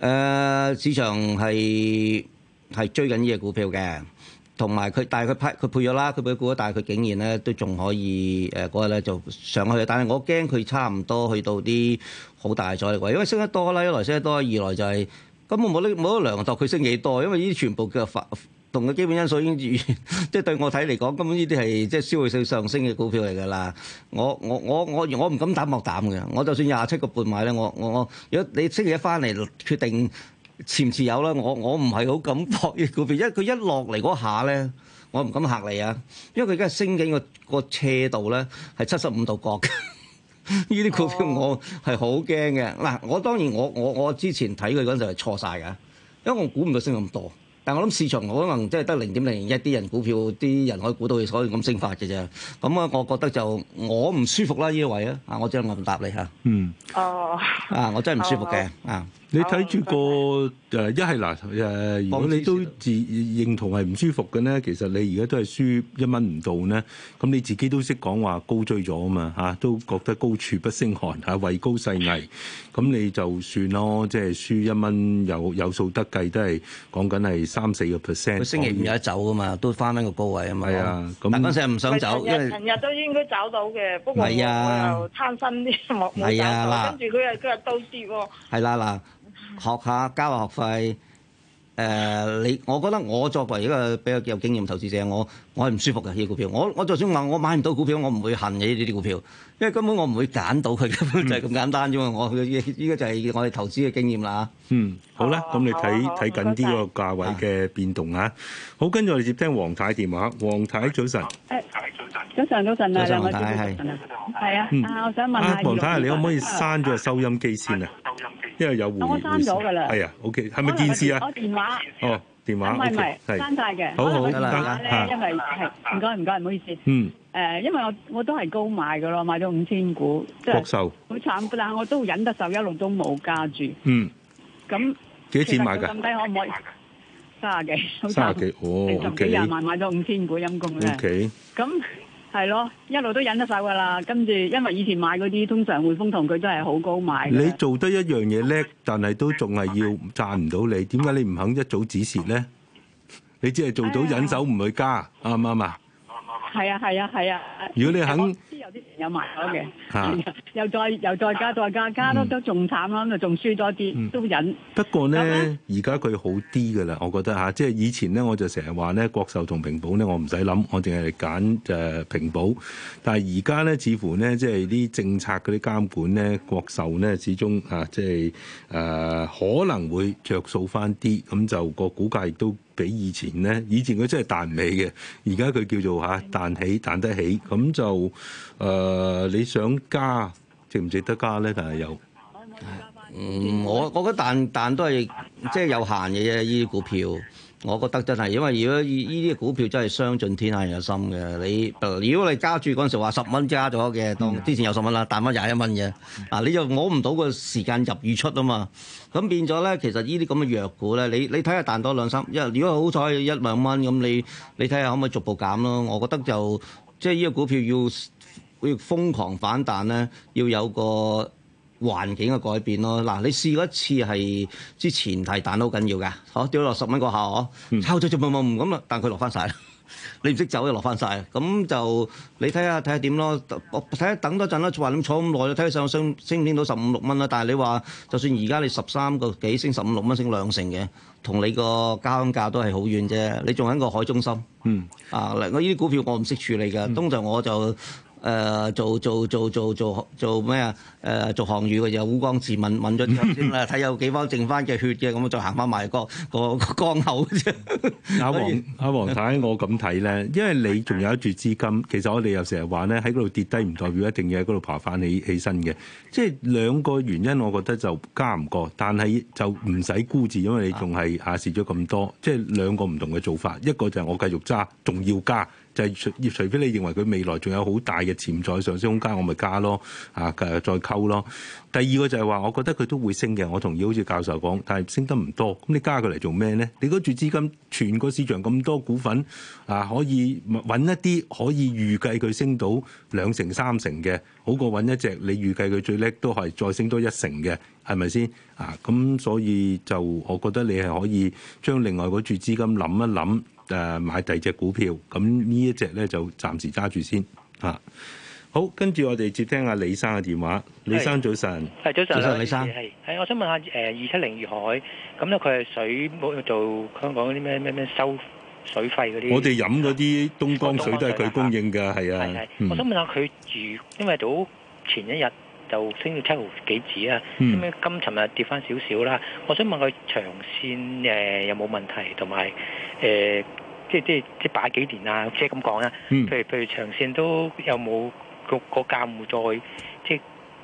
誒市場係係追緊依隻股票嘅。同埋佢，但係佢派佢配咗啦，佢配股啦，但係佢竟然咧都仲可以誒嗰日咧就上去，但係我驚佢差唔多去到啲好大阻力位，因為升得多啦，一來升得多，二來就係根本冇冇冇得量度佢升幾多，因為依啲全部嘅發動嘅基本因素已經即係對我睇嚟講，根本依啲係即係消費性上升嘅股票嚟㗎啦。我我我我我唔敢膽博膽嘅，我就算廿七個半買咧，我我我如果你星期一翻嚟決定。似唔似有啦？我我唔係好敢搏呢個票，一佢一落嚟嗰下咧，我唔敢嚇你啊！因為佢而家升緊個個斜度咧係七十五度角，呢啲股票我係好驚嘅。嗱，我當然我我我之前睇佢嗰陣係錯曬㗎，因為我估唔到升咁多。但我諗市場可能即係得零點零一啲人股票啲人可以估到所以咁升法嘅啫。咁啊，我覺得就我唔舒服啦呢個位啊！啊，我將我唔答你吓。嗯。哦。啊，我真係唔舒服嘅啊！你睇住個誒一係嗱誒，如果你都自認同係唔舒服嘅咧，其實你而家都係輸一蚊唔到咧。咁你自己都識講話高追咗啊嘛嚇，都覺得高處不勝寒嚇，位高勢危。咁你就算咯，即係輸一蚊有有數得計，都係講緊係三四個 percent。佢星期五有得走㗎嘛，都翻翻個高位啊嘛。係啊，咁嗰陣時唔想走，因為琴日都應該找到嘅。不過我又貪心啲冇冇找到，跟住佢係佢係都跌喎。係啦嗱。學下交下學費，誒、呃、你，我覺得我作為一個比較有經驗投資者，我我係唔舒服嘅呢啲股票。我我就算話我買唔到股票，我唔會恨你。呢啲股票。因為根本我唔會揀到佢，根本就係咁簡單啫嘛。我呢呢個就係我哋投資嘅經驗啦。嗯，好啦，咁你睇睇緊啲個價位嘅變動啊。好，跟住我哋接聽黃太電話。黃太早晨。誒，早晨，早晨，早晨，早晨啊，黃太，係係係啊。啊，我想問下黃太啊，你可唔可以刪咗個收音機先啊？收音機，因為有回音。我刪咗噶啦。係啊，OK，係咪電視啊？我電話。電話係，刪晒嘅。好好，得啦啦，吓。唔該唔該，唔好意思。嗯。誒，因為我我都係高買嘅咯，買咗五千股。國壽。好慘，但係我都忍得受，一路都冇加注。嗯。咁幾錢買嘅？最低可唔可以？卅幾，卅幾。卅幾，哦。你十幾廿萬買咗五千股，陰公啦。O K。咁。係咯，一路都忍得手噶啦。跟住，因為以前買嗰啲通常匯豐同佢都係好高買。你做得一樣嘢叻，但係都仲係要賺唔到你。點解你唔肯一早止蝕呢？你只係做到忍手唔去加，啱唔啱啊？啱啱啊！係啊係啊係啊！如果你肯。有啲嘢有賣咗嘅，又再又、啊、再加再加，加得都仲慘啦，咁就仲輸多啲，都忍、嗯。不過咧，而家佢好啲噶啦，我覺得嚇，即係以前咧，我就成日話咧，國壽同平保咧，我唔使諗，我淨係揀誒平保。但係而家咧，似乎咧，即係啲政策嗰啲監管咧，國壽咧，始終嚇即係誒可能會着數返啲，咁就個股價亦都比以前咧，以前佢真係彈唔起嘅，而家佢叫做嚇彈、啊、起、彈得起，咁就。誒你想加值唔值得加咧？但係有？嗯，我我覺得彈彈都係即係有限嘅啫。呢啲股票，我覺得真係，因為如果呢啲股票真係傷盡天下人嘅心嘅。你如果你加住嗰陣時話十蚊加咗嘅，當之前有十蚊啦，彈翻廿一蚊嘅，嗱你就攞唔到個時間入與出啊嘛。咁變咗咧，其實呢啲咁嘅弱股咧，你你睇下彈多兩三，因為如果好彩一兩蚊咁，你你睇下可唔可以逐步減咯。我覺得就即係呢個股票要。要瘋狂反彈咧，要有個環境嘅改變咯。嗱，你試過一次係之前提彈都好緊要㗎，哦掉落十蚊個下，哦抄咗就冇冇咁啊，但佢落翻曬， 你唔識走就落翻晒。咁就你睇下睇下點咯。我睇下等多陣啦，話你坐咁耐，睇下上升升唔升到十五六蚊啦。但係你話就算而家你十三個幾升十五六蚊，升兩成嘅，同你個交鄉價都係好遠啫。你仲喺個海中心，嗯啊，嗱，我呢啲股票我唔識處理嘅，通常我就。誒、呃、做做做做做做咩啊？誒做項、呃、羽嘅又烏江自刎問咗啲先啦，睇、呃呃呃、有幾方剩翻嘅血嘅，咁就行翻埋個、那個江口啫。阿 以黃阿黃太，我咁睇咧，因為你仲有一注資金，其實我哋又成日話咧，喺嗰度跌低唔代表一定要喺嗰度爬翻起起身嘅，即、就、係、是、兩個原因，我覺得就加唔過，但係就唔使沽字，因為你仲係下蝕咗咁多，即、就、係、是、兩個唔同嘅做法，一個就係我繼續揸，仲要加。就係除，除非你認為佢未來仲有好大嘅潛在上升空間，我咪加咯，啊，繼續再溝咯。第二個就係話，我覺得佢都會升嘅。我同意好似教授講，但係升得唔多。咁你加佢嚟做咩咧？你嗰注資金，全個市場咁多股份啊，可以搵一啲可以預計佢升到兩成三成嘅，好過搵一隻你預計佢最叻都係再升多一成嘅，係咪先？啊，咁所以就我覺得你係可以將另外嗰注資金諗一諗。誒買第二隻股票，咁呢一隻咧就暫時揸住先嚇、啊。好，跟住我哋接聽阿李生嘅電話。是李生早晨，早晨，李生，係，係，我想問下誒二七零粵海，咁咧佢係水冇做香港嗰啲咩咩咩收水費嗰啲。我哋飲嗰啲東江水都係佢供應㗎，係啊。係係，啊嗯、我想問下佢住，因為早前一日。又升到七毫幾紙啊！咁樣今尋日跌翻少少啦。我想問佢長線誒有冇問題，同埋誒即係即係即係擺幾年啊，即係咁講啦。譬如譬如長線都有冇個個價冇再即係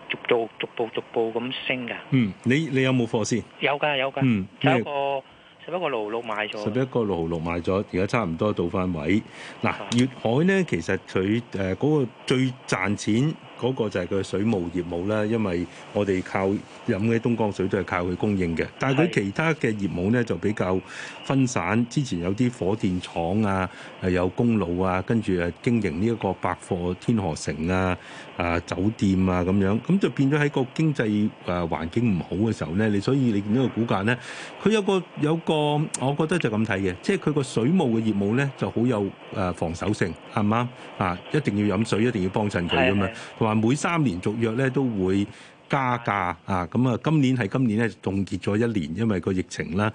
逐度逐步逐步咁升㗎？嗯，你你有冇貨先？有㗎有㗎，有一個十一個六號六買咗，十一個六號六買咗，而家差唔多到翻位。嗱，粵海咧，其實佢誒嗰個最賺錢，嗰個就係佢水務業務啦，因為我哋靠飲嘅東江水都係靠佢供應嘅。但係佢其他嘅業務呢，就比較分散。之前有啲火電廠啊，係有公路啊，跟住誒經營呢一個百貨天河城啊、啊酒店啊咁樣。咁就變咗喺個經濟誒環境唔好嘅時候呢。你所以你見到個股價呢，佢有個有個，我覺得就咁睇嘅。即係佢個水務嘅業務呢就好有誒防守性，係咪啊？一定要飲水，一定要幫襯佢咁樣。的每三年續約咧都會加價啊！咁啊，今年係今年咧凍結咗一年，因為個疫情啦。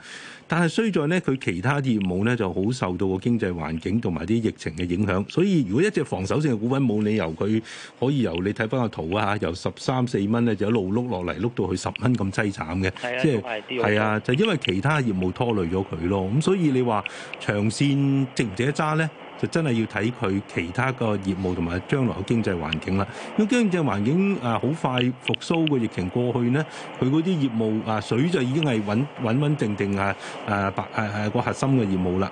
但係衰在呢，佢其他業務咧就好受到個經濟環境同埋啲疫情嘅影響。所以如果一隻防守性嘅股份，冇理由佢可以由你睇翻個圖啊，由十三四蚊咧就一路碌落嚟，碌到去十蚊咁凄慘嘅。即係，係啊，就因為其他業務拖累咗佢咯。咁所以你話長線值唔值得揸咧？就真係要睇佢其他個業務同埋將來嘅經濟環境啦。咁經濟環境啊，好快復甦個疫情過去呢，佢嗰啲業務啊水就已經係穩穩穩定定啊啊白啊啊個核心嘅業務啦。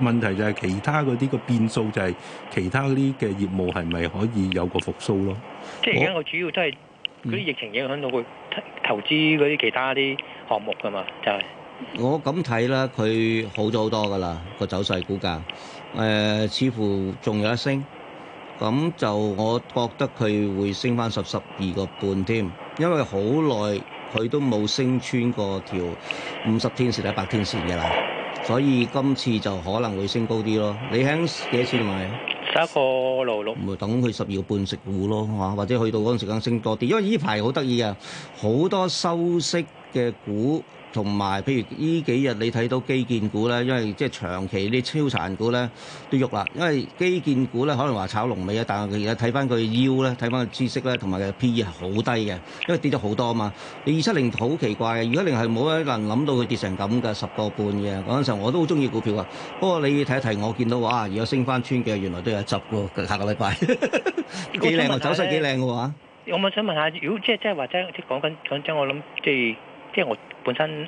問題就係其他嗰啲個變數就係其他啲嘅業務係咪可以有個復甦咯？即係而家我主要都係嗰啲疫情影響到佢投資嗰啲其他啲項目㗎嘛？就係。我咁睇啦，佢好咗好多噶啦，個走勢，股價，誒、呃，似乎仲有一升，咁就我覺得佢會升翻十十二個半添，因為好耐佢都冇升穿過條五十天線同百天線嘅啦，所以今次就可能會升高啲咯。你喺幾多錢買？十一個六唔會等佢十二個半食股咯，嚇，或者去到嗰陣時更升多啲，因為依排好得意啊，好多收息嘅股。同埋，譬如呢幾日你睇到基建股咧，因為即係長期啲超殘股咧都喐啦。因為基建股咧可能話炒龍尾啊，但係其實睇翻佢腰咧，睇翻佢知識咧，同埋佢 P E 係好低嘅，因為跌咗好多啊嘛。你二七零好奇怪嘅，二七零係冇一個人諗到佢跌成咁嘅，十個半嘅嗰陣時候我都好中意股票啊。不過你睇一睇，我見到話，如果升翻穿嘅原來都有一執喎，下個禮拜幾靚啊，走勢幾靚嘅話。我問想問，下，我想問下，如果即係即係話即係講緊講真，我諗即係即係我。本身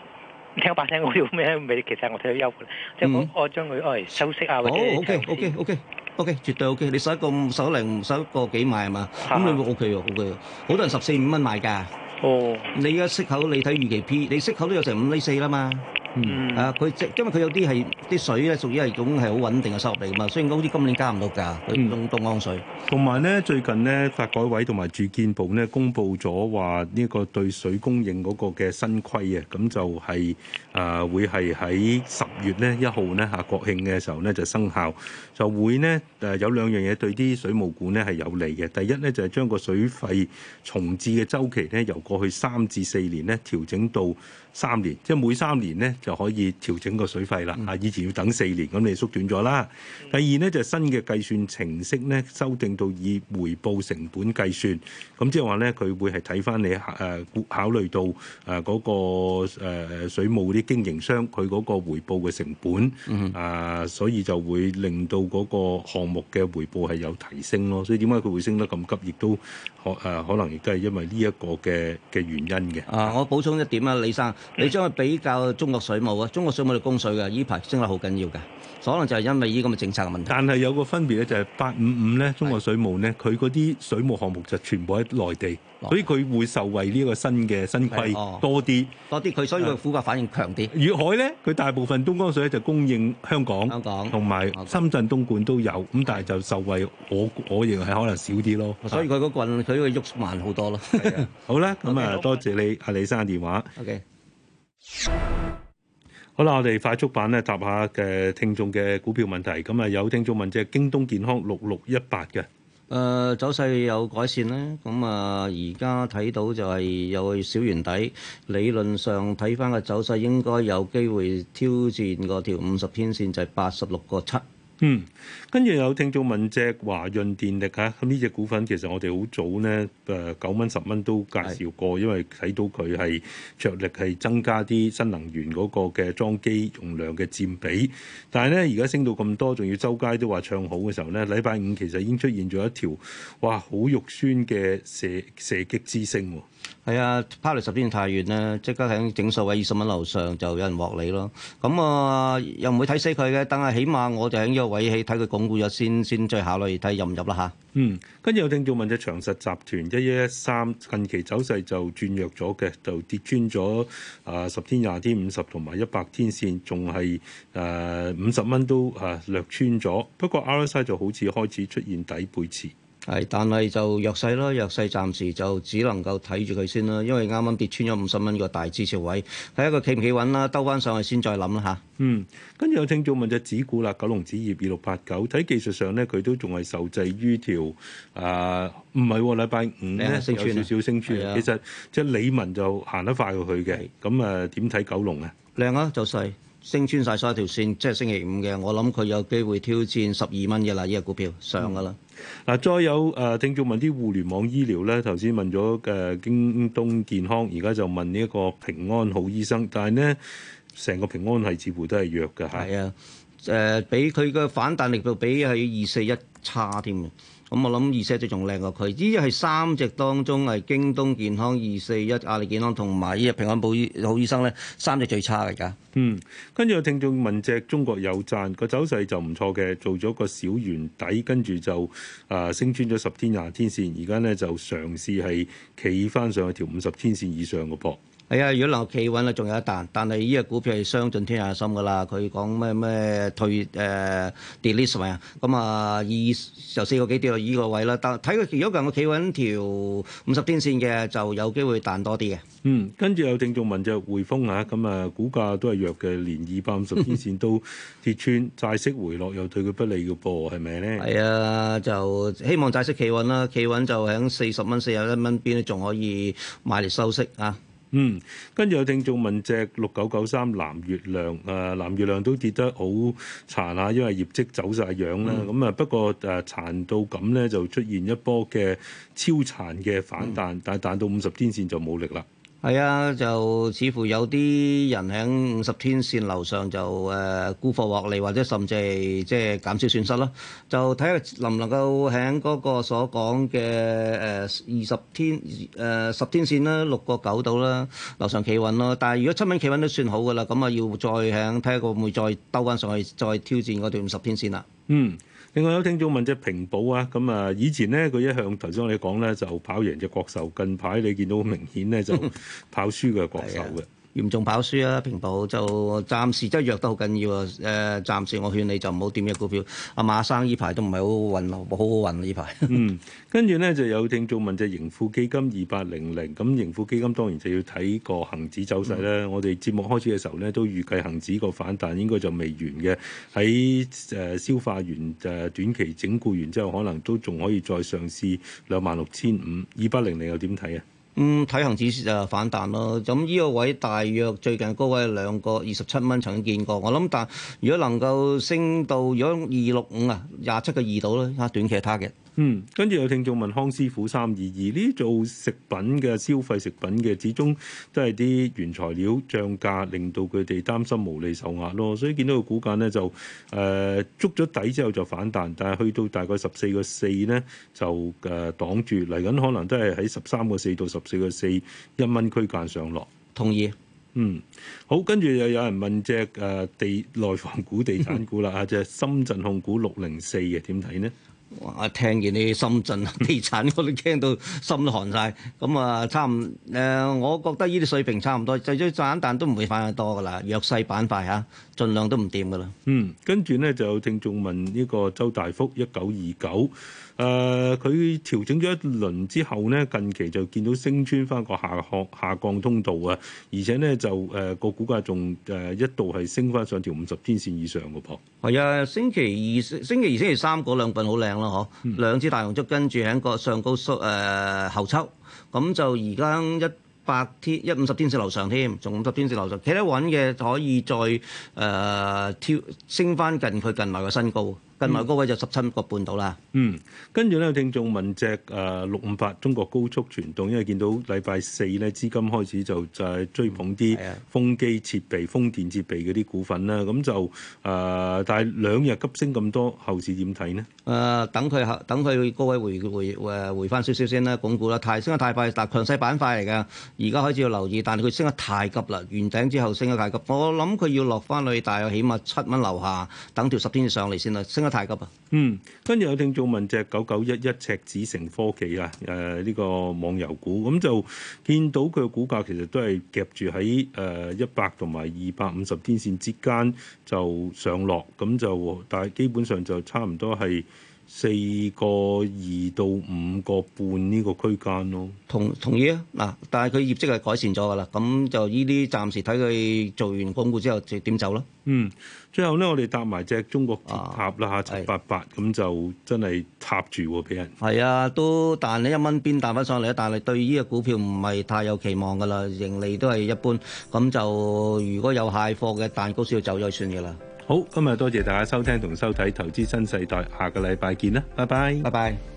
你聽我把聲好咩？其實我睇佢優，嗯、即係我我將佢，哎，修飾啊或 o k o k o k o k 絕對 ok。你十一個，收零，十一個幾買係嘛？咁、啊、你 ok 喎，好嘅。好多人十四五蚊買㗎。哦、嗯。你而家息口，你睇預期 P，你息口都有成五厘四啦嘛？嗯啊，佢即因為佢有啲係啲水咧，屬於係一種係好穩定嘅收入嚟嘛，所以好似今年加唔到價，佢唔凍凍安水。同埋咧，最近咧，發改委同埋住建部咧，公布咗話呢個對水供應嗰個嘅新規啊，咁就係、是、啊、呃、會係喺十月咧一號咧下國慶嘅時候咧就生效。就會呢，誒有兩樣嘢對啲水務股呢係有利嘅。第一呢，就係將個水費重置嘅周期呢，由過去三至四年呢調整到三年，即係每三年呢就可以調整個水費啦。啊，以前要等四年，咁你縮短咗啦。第二呢，就係新嘅計算程式呢，修訂到以回報成本計算，咁即係話呢，佢會係睇翻你誒考慮到誒嗰個誒水務啲經營商佢嗰個回報嘅成本。啊，所以就會令到。嗰個項目嘅回報係有提升咯，所以點解佢會升得咁急，亦都可誒、呃，可能亦都係因為呢一個嘅嘅原因嘅。啊，我補充一點啊，李生，你將佢比較中國水務啊，中國水務嘅供水嘅呢排升得好緊要嘅，可能就係因為呢咁嘅政策嘅問題。但係有個分別咧，就係八五五咧，中國水務咧，佢嗰啲水務項目就全部喺內地。所以佢會受惠呢個新嘅新規多啲，多啲佢所以個股價反應強啲。粵海咧，佢大部分東江水就供應香港，同埋深圳、東莞都有，咁但係就受惠我我認為可能少啲咯。所以佢嗰個運，佢個喐慢好多咯。好啦，咁啊，多謝你阿李生嘅電話。OK。好啦，我哋快速版咧答下嘅聽眾嘅股票問題。咁啊，有聽眾問隻，京東健康六六一八嘅。誒、呃、走勢有改善呢。咁啊，而家睇到就係有小圓底，理論上睇翻個走勢應該有機會挑戰嗰條五十天線就，就係八十六個七。嗯，跟住有聽眾問隻華潤電力吓，咁呢隻股份其實我哋好早呢，誒九蚊十蚊都介紹過，是因為睇到佢係着力係增加啲新能源嗰個嘅裝機容量嘅佔比，但係呢，而家升到咁多，仲要周街都話唱好嘅時候呢，禮拜五其實已經出現咗一條哇好肉酸嘅射射擊之聲。係啊，拋嚟十天太遠咧，即刻喺整數位二十蚊樓上就有人獲利咯。咁啊、呃，又唔會睇死佢嘅，但係起碼我就喺呢個位起睇佢鞏固咗先，先再考慮睇入唔入啦嚇。啊、嗯，跟住有聽眾問隻長實集團一一一三近期走勢就轉弱咗嘅，就跌穿咗啊十天、廿天、五十同埋一百天線，仲係誒五十蚊都啊、呃、略穿咗。不過 RSI 就好似開始出現底背馳。係，但係就弱勢啦，弱勢暫時就只能夠睇住佢先啦。因為啱啱跌穿咗五十蚊個大支持位，睇下佢企唔企穩啦，兜翻上去先再諗啦嚇。嗯，跟住有聽眾問隻指股啦，九龍紙業二六八九，睇技術上咧，佢都仲係受制於條誒，唔係喎。禮拜、啊、五咧、啊、有少少升穿，啊、其實即係李文就行得快過佢嘅。咁誒點睇九龍啊？靚啊，就細。升穿晒所有條線，即係星期五嘅，我諗佢有機會挑戰十二蚊嘅啦，依、這個股票上噶啦。嗱、嗯，再有誒、呃，聽眾問啲互聯網醫療咧，頭先問咗誒、呃、京東健康，而家就問呢一個平安好醫生，但係呢，成個平安係似乎都係弱嘅，係啊，誒、呃，比佢嘅反彈力度比係二四一差添嘅。咁我諗二隻仲靚過佢，依隻係三隻當中係京東健康、二四一阿里健康同埋依隻平安保醫好醫生咧，三隻最差嘅而家。嗯，跟住有聽眾問隻中國有贊個走勢就唔錯嘅，做咗個小圓底，跟住就啊升穿咗十天、廿天線，而家咧就嘗試係企翻上條五十天線以上個波。係、呃、啊！如果能夠企穩啊，仲有一彈。但係依個股票係傷盡天下心㗎啦。佢講咩咩退誒 delete 啊？咁啊，二就四個幾跌到依個位啦，但睇佢如果能夠企穩條五十天線嘅，就有機會彈多啲嘅。嗯，跟住有鄭仲文就匯豐啊。咁啊，股價都係弱嘅，連二百五十天線都跌穿， 債息回落又對佢不利嘅噃，係咪咧？係啊，就希望債息企穩啦。企穩就喺四十蚊、四十一蚊邊咧，仲可以買嚟收息啊。嗯，跟住有聽眾問隻六九九三藍月亮，誒、啊、藍月亮都跌得好殘啊，因為業績走晒樣啦。咁啊、嗯，不過誒殘到咁咧，就出現一波嘅超殘嘅反彈，嗯、但彈到五十天線就冇力啦。係啊，就似乎有啲人喺五十天線樓上就誒沽貨獲利，或者甚至係即係減少損失咯。就睇下能唔能夠喺嗰個所講嘅誒二十天誒十天線啦，六個九度啦，樓上企穩咯。但係如果七蚊企穩都算好㗎啦，咁啊要再喺睇下會唔會再兜翻上去，再挑戰嗰段五十天線啦。嗯。另外有聽眾問隻平保啊，咁啊以前咧，佢一向頭先我哋講咧就跑贏隻國壽，近排你見到好明顯咧就跑輸嘅國壽。 嚴重跑輸啊！平保就暫時即係弱得好緊要啊！誒、呃，暫時我勸你就唔好點嘅股票。阿、啊、馬生呢排都唔係好運，啊，好好運呢排嗯，跟住咧就有聽眾問隻，就是、盈富基金二八零零。咁盈富基金當然就要睇個恒指走勢啦。嗯、我哋節目開始嘅時候咧，都預計恒指個反彈應該就未完嘅。喺誒消化完誒短期整固完之後，可能都仲可以再上試 26, 500,。兩萬六千五二八零零又點睇啊？嗯，體行指數就反彈咯。咁呢個位大約最近高位兩個二十七蚊曾經見過。我諗，但如果能夠升到，如果二六五啊，廿七個二度啦，睇下短期係他嘅。嗯，跟住有聽眾問康師傅三二二呢啲做食品嘅消費食品嘅，始終都係啲原材料漲價，令到佢哋擔心無利受壓咯。所以見到個股價咧就誒、呃、捉咗底之後就反彈，但係去到大概十四個四咧就誒擋、呃、住嚟緊，可能都係喺十三個四到十四個四一蚊區間上落。同意。嗯，好，跟住又有人問隻誒、呃、地內房股、地產股啦啊，隻深圳控股六零四嘅點睇呢？哇，我聽見啲深圳地產我都驚到心都寒晒。咁啊，差唔誒、呃，我覺得呢啲水平差唔多，就算賺但都唔會翻得多噶啦。弱勢板塊吓，盡、啊、量都唔掂噶啦。嗯，跟住咧就有聽眾問呢個周大福一九二九，誒佢、呃、調整咗一輪之後咧，近期就見到升穿翻個下降下降通道啊！而且咧就誒個、呃、股價仲誒、呃、一度係升翻上條五十天線以上嘅噃。係啊，星期二、星期二、星期三嗰兩份好靚咯，嗬！嗯、兩支大紅燭跟住喺個上高速誒、呃、後抽，咁就而家一百天一五十天線樓上添，仲五十天線樓上，企得穩嘅可以再誒、呃、跳升翻近佢近埋個新高。近埋嗰位就十七個半到啦。嗯，跟住咧，有聽眾問隻誒六五八中國高速傳動，因為見到禮拜四咧資金開始就就係追捧啲風機設備、風電設備嗰啲股份啦。咁就誒，但係兩日急升咁多，後市點睇呢？誒、呃，等佢等佢高位回回誒回翻少少先啦，鞏固啦。太升得太快，但係強勢板塊嚟㗎。而家開始要留意，但係佢升得太急啦。完頂之後升得太急，我諗佢要落翻去，大約起碼七蚊樓下，等條十天上嚟先啦。升太急啊！嗯，跟住有聽眾問隻九九一一赤子城科技啊，誒、呃、呢、呢個網遊股，咁就見到佢嘅股價其實都係夾住喺誒一百同埋二百五十天線之間就上落，咁就但係基本上就差唔多係，四個二到五個半呢個區間咯，同同意啊嗱，但係佢業績係改善咗噶啦，咁就依啲暫時睇佢做完公佈之後點走咯。嗯，最後咧，我哋搭埋隻中國鐵塔啦嚇，啊、七八八咁、嗯、就真係插住喎，俾人。係啊，都但你一蚊邊彈翻上嚟，但係對呢個股票唔係太有期望噶啦，盈利都係一般，咁就如果有蟹貨嘅蛋糕先要走咗算噶啦。好，今日多謝大家收聽同收睇《投資新世代》，下個禮拜見啦，拜拜，拜拜。